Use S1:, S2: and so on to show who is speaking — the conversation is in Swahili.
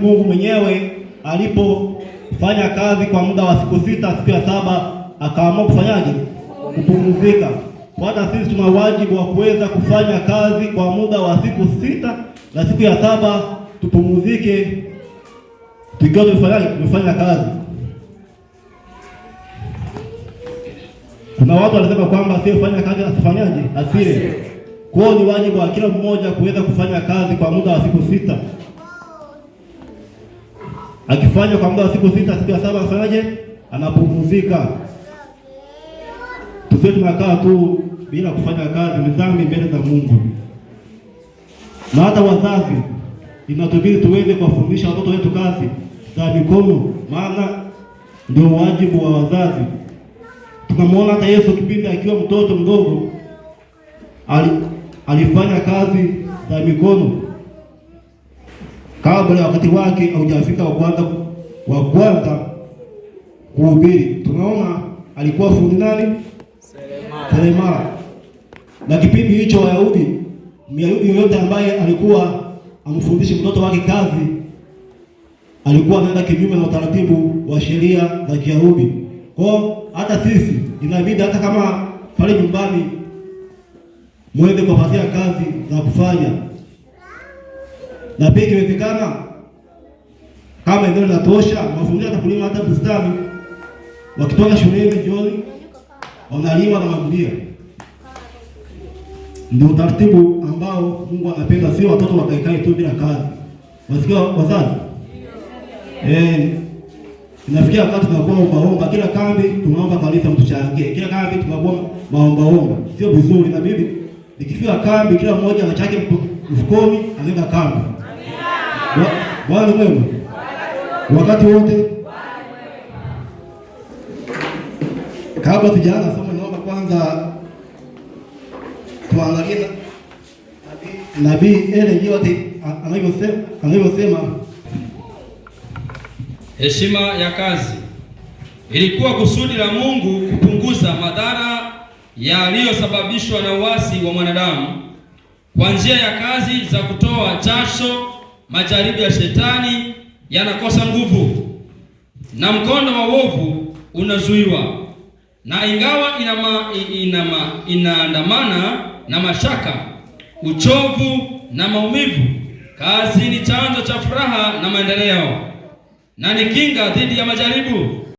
S1: Mungu mwenyewe alipofanya kazi kwa muda wa siku sita, siku ya saba akaamua kufanyaje? Kupumzika. Hata sisi tuna wajibu wa kuweza kufanya kazi kwa muda wa siku sita na siku ya saba tupumzike, tukiwa tumefanya kazi. Kuna watu wanasema kwamba asiyefanya kazi asifanyaje? Asile. Kwa hiyo ni wajibu wa kila mmoja kuweza kufanya kazi kwa muda wa siku sita akifanya kwa muda wa siku sita, siku ya saba afanyaje? Anapumzika. Tusiwe tunakaa tu bila kufanya kazi, ni dhambi mbele za Mungu. Na hata wazazi inatubidi tuweze kuwafundisha watoto wetu kazi za mikono, maana ndio wajibu wa wazazi. Tunamwona hata Yesu kipindi akiwa mtoto mdogo alifanya kazi za mikono kabla wakati wake haujafika wa kwanza wa kwanza kuhubiri. Tunaona alikuwa fundi nani? Seremala. Na kipindi hicho Wayahudi, Myahudi yoyote ambaye alikuwa amfundishi mtoto wake kazi alikuwa anaenda kinyume na utaratibu wa sheria za Kiyahudi. Kwa hata sisi inabidi hata kama pale nyumbani muweze kuwapatia kazi za kufanya na pia ikiwezekana, kama eneo linatosha, mafundi atakulima hata bustani, wakitoka shuleni jioni wanalima na magunia. Ndio utaratibu ambao Mungu anapenda, sio watoto wakaikae tu bila kazi. Wasikia wazazi? Eh, Nafikia wakati tunakuwa ombaomba kila kambi, tunaomba kanisa mtuchangie. Kila kambi tunakuwa maombaomba, sio vizuri. Na bibi, nikifika kambi, kila mmoja anachake mfukoni, anaenda kambi. Bwana mwema wakati wote. Kabla tujaanza somo, naomba kwanza tuangalie nabii Ellen yote anavyosema anavyosema
S2: heshima ya kazi ilikuwa kusudi la Mungu kupunguza madhara yaliyosababishwa na uasi wa mwanadamu kwa njia ya kazi za kutoa jasho majaribu ya shetani yanakosa nguvu na mkondo wa uovu unazuiwa, na ingawa inama, inama, inaandamana na mashaka, uchovu na maumivu, kazi ni chanzo cha furaha na maendeleo na ni kinga dhidi ya majaribu.